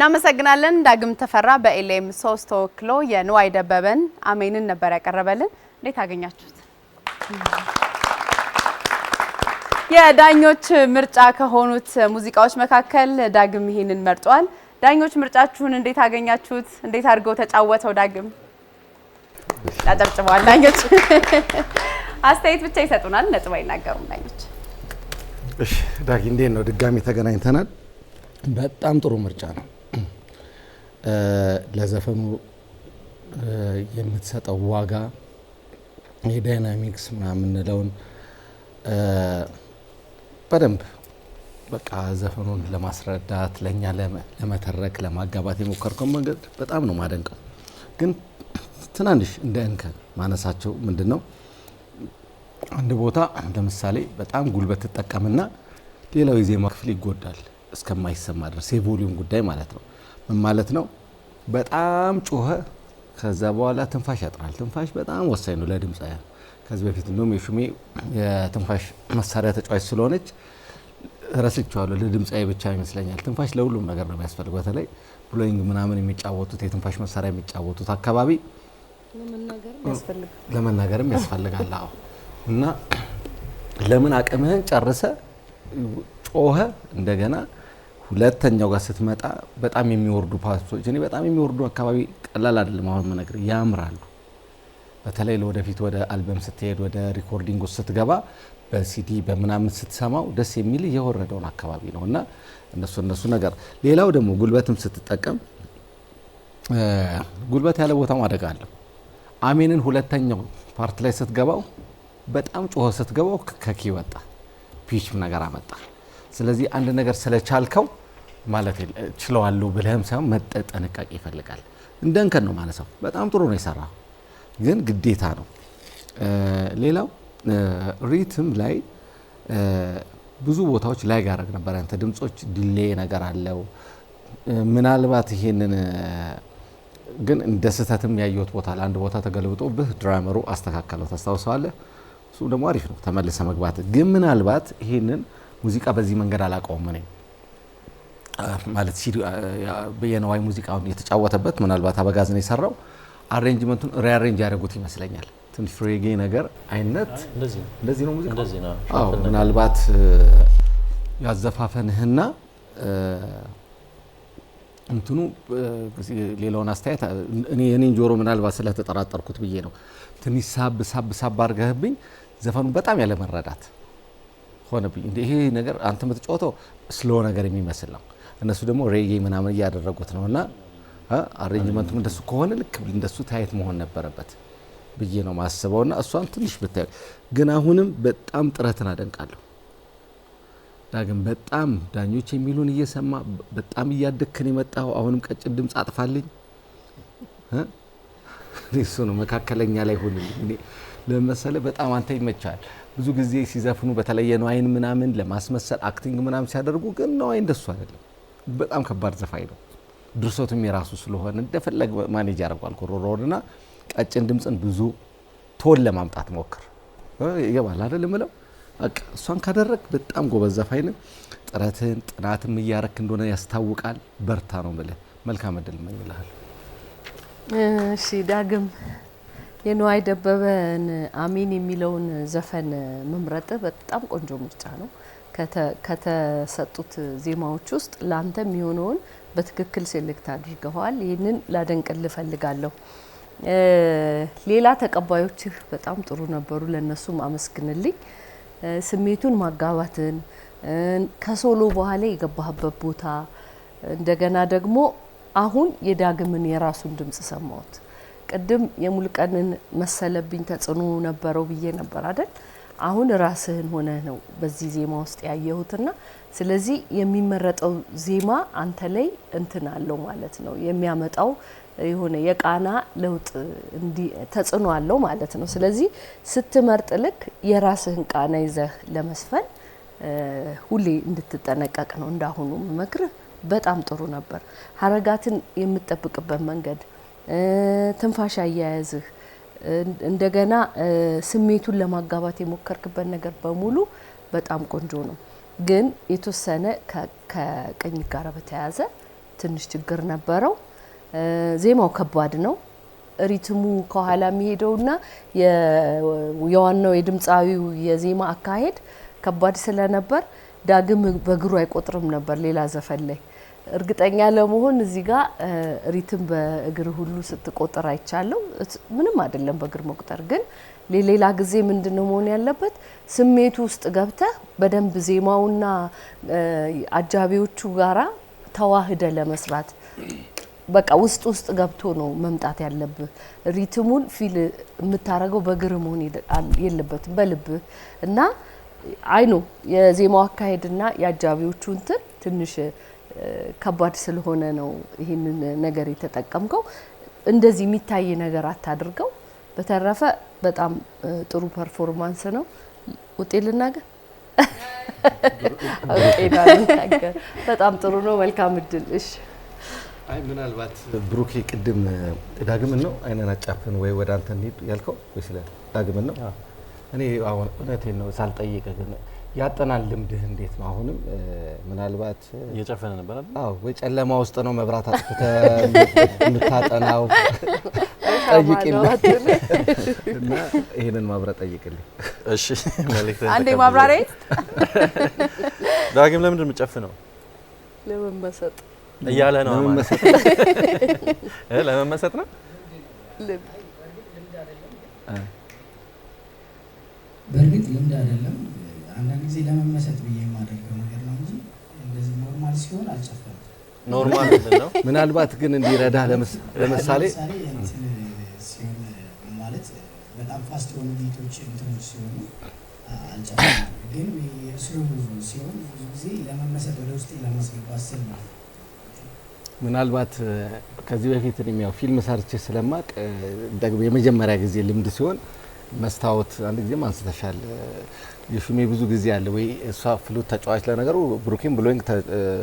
እናመሰግናለን። ዳግም ተፈራ በኤልኤም ሶስት ተወክሎ የንዋይ ደበበን አሜንን ነበር ያቀረበልን። እንዴት አገኛችሁት? የዳኞች ምርጫ ከሆኑት ሙዚቃዎች መካከል ዳግም ይሄንን መርጧል። ዳኞች ምርጫችሁን እንዴት አገኛችሁት? እንዴት አድርገው ተጫወተው? ዳግም ያጨብጭበዋል። ዳኞች አስተያየት ብቻ ይሰጡናል፣ ነጥብ አይናገሩም። ዳኞች እሺ፣ ዳግ እንዴት ነው? ድጋሚ ተገናኝተናል። በጣም ጥሩ ምርጫ ነው። ለዘፈኑ የምትሰጠው ዋጋ የዳይናሚክስ ምናምን የምንለውን በደንብ በቃ ዘፈኑን ለማስረዳት ለእኛ ለመተረክ ለማጋባት የሞከርከው መንገድ በጣም ነው ማደንቀው። ግን ትናንሽ እንደ እንከን ማነሳቸው ምንድን ነው? አንድ ቦታ ለምሳሌ በጣም ጉልበት ትጠቀምና ሌላው የዜማ ክፍል ይጎዳል እስከማይሰማ ድረስ የቮሊዩም ጉዳይ ማለት ነው። ማለት ነው። በጣም ጮኸ። ከዛ በኋላ ትንፋሽ ያጥራል። ትንፋሽ በጣም ወሳኝ ነው ለድምፃውያን። ከዚህ በፊት እንደውም የሹሜ የትንፋሽ መሳሪያ ተጫዋች ስለሆነች ረስቸዋለሁ። ለድምፃዊ ብቻ ይመስለኛል። ትንፋሽ ለሁሉም ነገር ነው የሚያስፈልግ። በተለይ ብሎይንግ ምናምን የሚጫወቱት የትንፋሽ መሳሪያ የሚጫወቱት አካባቢ ለመናገርም ያስፈልጋል። አዎ እና ለምን አቅምህን ጨርሰ ጮኸ እንደገና ሁለተኛው ጋር ስትመጣ በጣም የሚወርዱ ፓርቶች እኔ በጣም የሚወርዱ አካባቢ ቀላል አይደለም። አሁን መነግር ያምራሉ። በተለይ ለወደፊት ወደ አልበም ስትሄድ ወደ ሪኮርዲንግ ውስጥ ስትገባ በሲዲ በምናምን ስትሰማው ደስ የሚል የወረደውን አካባቢ ነው እና እነሱ እነሱ ነገር ሌላው ደግሞ ጉልበትም ስትጠቀም ጉልበት ያለ ቦታ አደጋ አለው። አሜንን ሁለተኛው ፓርት ላይ ስትገባው በጣም ጮኸ ስትገባው ከኪ ወጣ ፒች ነገር አመጣ። ስለዚህ አንድ ነገር ስለቻልከው ማለት ችለዋሉ ብለህም ሳይሆን መጠ ጥንቃቄ ይፈልጋል። እንደንከን ነው ማለት ሰው በጣም ጥሩ ነው የሰራ ግን ግዴታ ነው። ሌላው ሪትም ላይ ብዙ ቦታዎች ላይ ጋረግ ነበር ያንተ ድምጾች ዲሌ ነገር አለው። ምናልባት ይሄንን ግን እንደ ስህተትም ያየሁት ቦታ ለአንድ ቦታ ተገልብጦ ብህ ድራመሩ አስተካከለው ታስታውሰዋለህ። እሱ ደግሞ አሪፍ ነው ተመልሰ መግባት ግን ምናልባት ይሄንን ሙዚቃ በዚህ መንገድ አላውቀውም እኔ ማለት የነዋይ ሙዚቃውን የተጫወተበት ምናልባት አበጋዝ ነው የሰራው። አሬንጅመንቱን ሪአሬንጅ ያደረጉት ይመስለኛል። ትንሽ ፍሬጌ ነገር አይነት እንደዚህ ነው ሙዚቃው። ምናልባት ያዘፋፈንህና እንትኑ ሌላውን አስተያየት እኔ የኔን ጆሮ ምናልባት ስለተጠራጠርኩት ብዬ ነው። ትንሽ ሳብ ሳብ ሳብ አድርገህብኝ ዘፈኑ በጣም ያለመረዳት ሆነብኝ። ይሄ ነገር አንተ የምትጫወተው ስሎ ነገር የሚመስል ነው እነሱ ደግሞ ሬጌ ምናምን እያደረጉት ነው እና አሬንጅመንቱም እንደሱ ከሆነ ልክ እንደሱ ታየት መሆን ነበረበት ብዬ ነው ማስበው። ና እሷን ትንሽ ብታዩ ግን አሁንም በጣም ጥረትን አደንቃለሁ። ዳግም በጣም ዳኞች የሚሉን እየሰማ በጣም እያደክን የመጣው አሁንም ቀጭን ድምፅ አጥፋልኝ እሱ ነው መካከለኛ ላይ ሆንልኝ ለመሰለ በጣም አንተ ይመቻል። ብዙ ጊዜ ሲዘፍኑ በተለየ ነዋይን ምናምን ለማስመሰል አክቲንግ ምናምን ሲያደርጉ ግን ነዋይ እንደሱ አይደለም። በጣም ከባድ ዘፋኝ ነው። ድርሰቱም የራሱ ስለሆነ እንደፈለግ ማኔጅ ያደርጓል። ኮሮሮና ቀጭን ድምፅን ብዙ ቶን ለማምጣት ሞክር። ይገባል አይደል ምለው እሷን ካደረግ በጣም ጎበዝ ዘፋኝ ነህ። ጥረትን ጥናትም እያረክ እንደሆነ ያስታውቃል። በርታ ነው የምልህ። መልካም እድል እመኝልሃል። እሺ ዳግም የነዋይ ደበበን አሚን የሚለውን ዘፈን መምረጥ በጣም ቆንጆ ምርጫ ነው። ከተሰጡት ዜማዎች ውስጥ ላንተ የሚሆነውን በትክክል ሴሌክት አድርገዋል። ይህንን ላደንቅል እፈልጋለሁ። ሌላ ተቀባዮችህ በጣም ጥሩ ነበሩ። ለእነሱም አመስግንልኝ። ስሜቱን ማጋባትን ከሶሎ በኋላ የገባህበት ቦታ እንደገና ደግሞ አሁን የዳግምን የራሱን ድምጽ ሰማሁት። ቅድም የሙልቀንን መሰለብኝ ተጽዕኖ ነበረው ብዬ ነበር አይደል? አሁን ራስህን ሆነ ነው በዚህ ዜማ ውስጥ ያየሁትና ስለዚህ የሚመረጠው ዜማ አንተ ላይ እንትን አለው ማለት ነው የሚያመጣው የሆነ የቃና ለውጥ ተጽዕኖ አለው ማለት ነው። ስለዚህ ስትመርጥ ልክ የራስህን ቃና ይዘህ ለመስፈን ሁሌ እንድትጠነቀቅ ነው እንዳሁኑ መክርህ። በጣም ጥሩ ነበር። ሀረጋትን የምትጠብቅበት መንገድ ትንፋሽ አያያዝህ እንደገና ስሜቱን ለማጋባት የሞከርክበት ነገር በሙሉ በጣም ቆንጆ ነው። ግን የተወሰነ ከቅኝ ጋር በተያያዘ ትንሽ ችግር ነበረው። ዜማው ከባድ ነው። ሪትሙ ከኋላ የሚሄደውና የዋናው የድምፃዊው የዜማ አካሄድ ከባድ ስለነበር ዳግም በእግሩ አይቆጥርም ነበር ሌላ ዘፈን ላይ እርግጠኛ ለመሆን እዚህ ጋር ሪትም በእግር ሁሉ ስትቆጥር አይቻለሁ። ምንም አይደለም በእግር መቁጠር ግን ሌላ ጊዜ ምንድን ነው መሆን ያለበት ስሜቱ ውስጥ ገብተህ በደንብ ዜማውና አጃቢዎቹ ጋራ ተዋህደ ለመስራት በቃ ውስጥ ውስጥ ገብቶ ነው መምጣት ያለብህ። ሪትሙን ፊል የምታደርገው በእግር መሆን የለበትም በልብህ እና አይኖ የዜማው አካሄድና የአጃቢዎቹ እንትን ትንሽ ከባድ ስለሆነ ነው ይህንን ነገር የተጠቀምከው። እንደዚህ የሚታይ ነገር አታድርገው። በተረፈ በጣም ጥሩ ፐርፎርማንስ ነው። ውጤት ልናገር በጣም ጥሩ ነው። መልካም እድል። እሺ አይ ምናልባት ብሩኬ ቅድም ዳግምን ነው አይነን አጫፍን ወይ ወደ አንተ እንሂድ ያልከው ወይ ስለ ዳግምን ነው። እኔ አሁን እውነቴን ነው ሳልጠይቅ ግን ያጠናን ልምድህ እንዴት ነው? አሁንም ምናልባት እየጨፈነ ነበር አይደል? አዎ፣ ወይ ጨለማ ውስጥ ነው መብራት አጥፍተህ የምታጠናው? ጠይቅልኝ እና ይሄንን ማብራ ጠይቅልኝ። እሺ፣ መልእክት አንዴ ማብራሪያ። ዳግም ለምንድን ነው የምጨፍነው? ለመመሰጥ እያለ ነው። ለመመሰጥ ለመመሰጥ ነው በእርግጥ ልምድ አይደለም አንዳንድ ጊዜ ለመመሰጥ ብዬ የማደርገው ነገር ነው እንጂ እንደዚህ ኖርማል ሲሆን አልጨፈርም። ኖርማል ነው። ምናልባት ግን እንዲረዳ ለምሳሌ ሲሆን ማለት በጣም ፋስት የሆኑ ቤቶች እንትኖች ሲሆኑ አልጨፈርም። ግን ስሩ ሲሆን ብዙ ጊዜ ለመመሰጥ ወደ ውስጥ ለማስገባት ስል ነው። ምናልባት ከዚህ በፊት ያው ፊልም ሰርቼ ስለማቅ ደግሞ የመጀመሪያ ጊዜ ልምድ ሲሆን መስታወት አንድ ጊዜ ማንስተሻል የሹሜ ብዙ ጊዜ አለ ወይ እሷ ፍሉት ተጫዋች፣ ለነገሩ ብሩኪን ብሎይንግ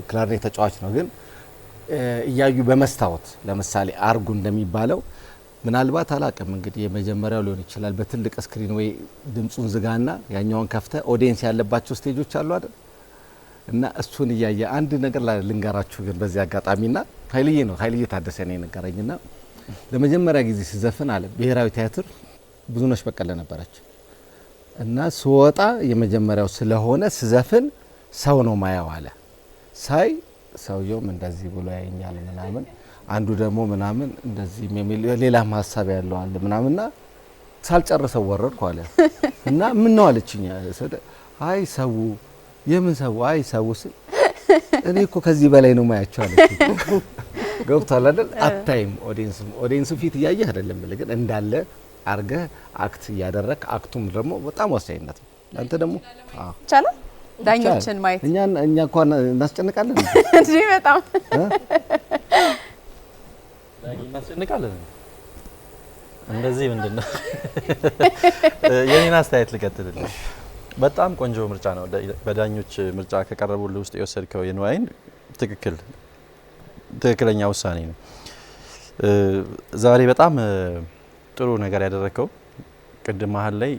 ክላርኔት ተጫዋች ነው፣ ግን እያዩ በመስታወት ለምሳሌ አርጉ እንደሚባለው ምናልባት አላቅም እንግዲህ የመጀመሪያው ሊሆን ይችላል። በትልቅ ስክሪን ወይ ድምፁን ዝጋና ያኛውን ከፍተ ኦዲየንስ ያለባቸው ስቴጆች አሉ አይደል? እና እሱን እያየ አንድ ነገር ልንገራችሁ ግን በዚህ ና ሀይልዬ ነው ሀይልዬ ታደሰ ነው ና ለመጀመሪያ ጊዜ ስዘፍን አለ ብሔራዊ ቲያትር ብዙነሽ በቀለ ነበረች እና ስወጣ የመጀመሪያው ስለሆነ ስዘፍን ሰው ነው ማየው አለ። ሳይ ሰውየውም እንደዚህ ብሎ ያይኛል ምናምን፣ አንዱ ደግሞ ምናምን እንደዚህ የሚል ሌላም ሀሳብ ያለው አለ ምናምንና ሳልጨርሰው ወረድኩ አለ እና ምን ነው አለችኝ። አይ ሰው የምን ሰው አይ ሰው ስል እኔ እኮ ከዚህ በላይ ነው ማያቸው አለ። ገብቷል አይደል? አታይም ኦዲንስ ኦዲንስ ፊት እያየህ አይደለም፣ ግን እንዳለ አርገ አክት እያደረግ አክቱም ደግሞ በጣም ወሳኝነት ነው። አንተ ደግሞ ይቻላል ዳኞችን ማየት እኛ እኛ እንኳን እናስጨንቃለን እንጂ በጣም እናስጨንቃለን። እንደዚህ ምንድን ነው የኔን አስተያየት ልቀጥልልህ። በጣም ቆንጆ ምርጫ ነው። በዳኞች ምርጫ ከቀረቡልህ ውስጥ የወሰድከው የንዋይን ትክክል ትክክለኛ ውሳኔ ነው። ዛሬ በጣም ጥሩ ነገር ያደረከው ቅድም መሀል ላይ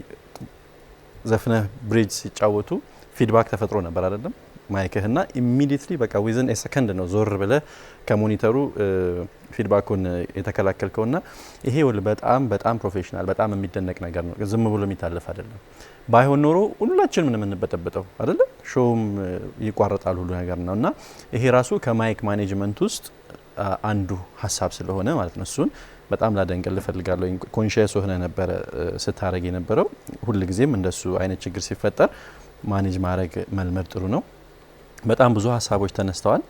ዘፍነህ ብሪጅ ሲጫወቱ ፊድባክ ተፈጥሮ ነበር አይደለም ማይክህና ኢሚዲየትሊ በቃ ዊዝን ሰከንድ ነው ዞር ብለ ከሞኒተሩ ፊድባኩን ና ይሄ በጣም በጣም ፕሮፌሽናል በጣም የሚደነቅ ነገር ነው። ዝም ብሎ የሚታለፍ አይደለም። ባይሆን ኖሮ ምን የምንበጠበጠው አይደለም፣ ሾውም ይቋረጣል ሁሉ ነገር ነው እና ይሄ ራሱ ከማይክ ማኔጅመንት ውስጥ አንዱ ሀሳብ ስለሆነ ማለት ነው እሱን በጣም ላደንቅልህ እፈልጋለሁ። ኮንሽስ ሆነ ነበረ ስታደረግ የነበረው ሁልጊዜም እንደሱ አይነት ችግር ሲፈጠር ማኔጅ ማድረግ መልመድ ጥሩ ነው። በጣም ብዙ ሀሳቦች ተነስተዋል።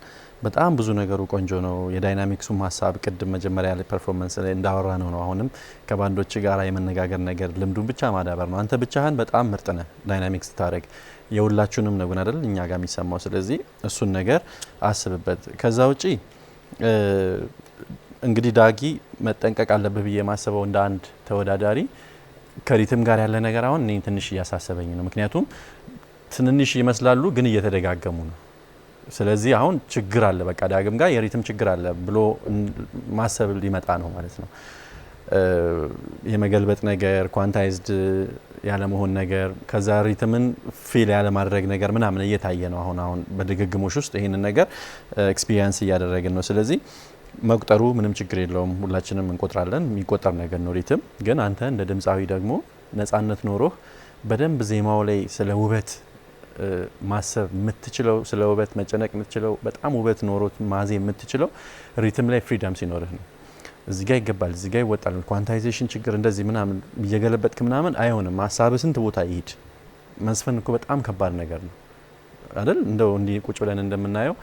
በጣም ብዙ ነገሩ ቆንጆ ነው። የዳይናሚክሱም ሀሳብ ቅድም መጀመሪያ ላይ ፐርፎርማንስ ላይ እንዳወራ ነው ነው አሁንም ከባንዶች ጋር የመነጋገር ነገር ልምዱን ብቻ ማዳበር ነው። አንተ ብቻህን በጣም ምርጥ ነህ ዳይናሚክስ ስታደረግ የሁላችሁንም ነው ግን አይደል እኛ ጋር የሚሰማው። ስለዚህ እሱን ነገር አስብበት። ከዛ ውጪ እንግዲህ ዳጊ መጠንቀቅ አለብህ ብዬ የማስበው እንደ አንድ ተወዳዳሪ ከሪትም ጋር ያለ ነገር አሁን እኔ ትንሽ እያሳሰበኝ ነው። ምክንያቱም ትንንሽ ይመስላሉ ግን እየተደጋገሙ ነው። ስለዚህ አሁን ችግር አለ፣ በቃ ዳግም ጋር የሪትም ችግር አለ ብሎ ማሰብ ሊመጣ ነው ማለት ነው። የመገልበጥ ነገር ኳንታይዝድ ያለመሆን ነገር ከዛ ሪትምን ፊል ያለማድረግ ነገር ምናምን እየታየ ነው አሁን አሁን በድግግሞች ውስጥ ይህንን ነገር ኤክስፒሪየንስ እያደረግን ነው። ስለዚህ መቁጠሩ ምንም ችግር የለውም። ሁላችንም እንቆጥራለን። የሚቆጠር ነገር ነው። ሪትም ግን አንተ እንደ ድምፃዊ ደግሞ ነጻነት ኖሮህ በደንብ ዜማው ላይ ስለ ውበት ማሰብ የምትችለው ስለ ውበት መጨነቅ የምትችለው በጣም ውበት ኖሮት ማዜ የምትችለው ሪትም ላይ ፍሪደም ሲኖርህ ነው። እዚህ ጋ ይገባል፣ እዚህ ጋ ይወጣል፣ ኳንታይዜሽን ችግር እንደዚህ ምናምን እየገለበጥክ ምናምን አይሆንም። ሀሳብ ስንት ቦታ ይሄድ። መስፈን እኮ በጣም ከባድ ነገር ነው አይደል? እንደው እንዲህ ቁጭ ብለን እንደምናየው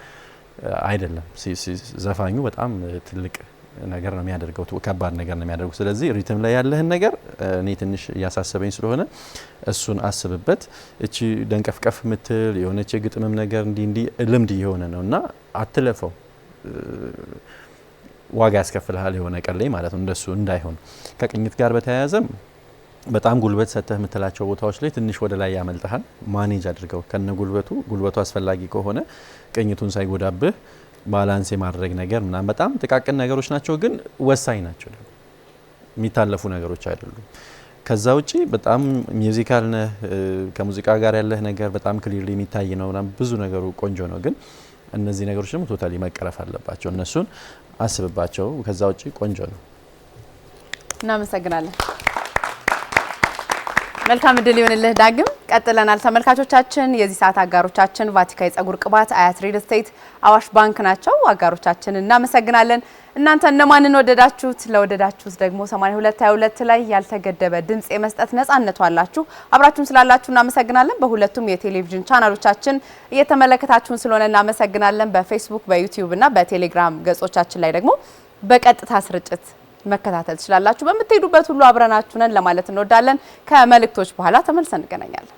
አይደለም። ዘፋኙ በጣም ትልቅ ነገር ነው የሚያደርገው፣ ከባድ ነገር ነው የሚያደርገው። ስለዚህ ሪትም ላይ ያለህን ነገር እኔ ትንሽ እያሳሰበኝ ስለሆነ እሱን አስብበት። እቺ ደንቀፍቀፍ ምትል የሆነች የግጥምም ነገር እንዲ እንዲ ልምድ እየሆነ ነው እና አትለፈው፣ ዋጋ ያስከፍልሃል የሆነ ቀን ላይ ማለት ነው። እንደሱ እንዳይሆን ከቅኝት ጋር በተያያዘም በጣም ጉልበት ሰጥተህ የምትላቸው ቦታዎች ላይ ትንሽ ወደ ላይ ያመልጠሃል። ማኔጅ አድርገው ከነ ጉልበቱ ጉልበቱ አስፈላጊ ከሆነ ቅኝቱን ሳይጎዳብህ ባላንስ የማድረግ ነገር ምናምን በጣም ጥቃቅን ነገሮች ናቸው፣ ግን ወሳኝ ናቸው። የሚታለፉ ነገሮች አይደሉም። ከዛ ውጪ በጣም ሚውዚካል ነህ፣ ከሙዚቃ ጋር ያለህ ነገር በጣም ክሊርሊ የሚታይ ነው። ብዙ ነገሩ ቆንጆ ነው፣ ግን እነዚህ ነገሮች ደግሞ ቶታሊ መቀረፍ አለባቸው። እነሱን አስብባቸው። ከዛ ውጪ ቆንጆ ነው። እናመሰግናለን። መልካም እድል ይሁንልህ ዳግም። ቀጥለናል ተመልካቾቻችን። የዚህ ሰዓት አጋሮቻችን ቫቲካ የጸጉር ቅባት፣ አያት ሪል ስቴት፣ አዋሽ ባንክ ናቸው። አጋሮቻችን እናመሰግናለን። እናንተ እነማንን ወደዳችሁት? ለወደዳችሁት ደግሞ 8222 ላይ ያልተገደበ ድምፅ የመስጠት ነጻነቱ አላችሁ። አብራችሁን ስላላችሁ እናመሰግናለን። በሁለቱም የቴሌቪዥን ቻናሎቻችን እየተመለከታችሁን ስለሆነ እናመሰግናለን። በፌስቡክ በዩቲዩብ እና በቴሌግራም ገጾቻችን ላይ ደግሞ በቀጥታ ስርጭት መከታተል ትችላላችሁ። በምትሄዱበት ሁሉ አብረናችሁ ነን ለማለት እንወዳለን። ከመልእክቶች በኋላ ተመልሰን እንገናኛለን።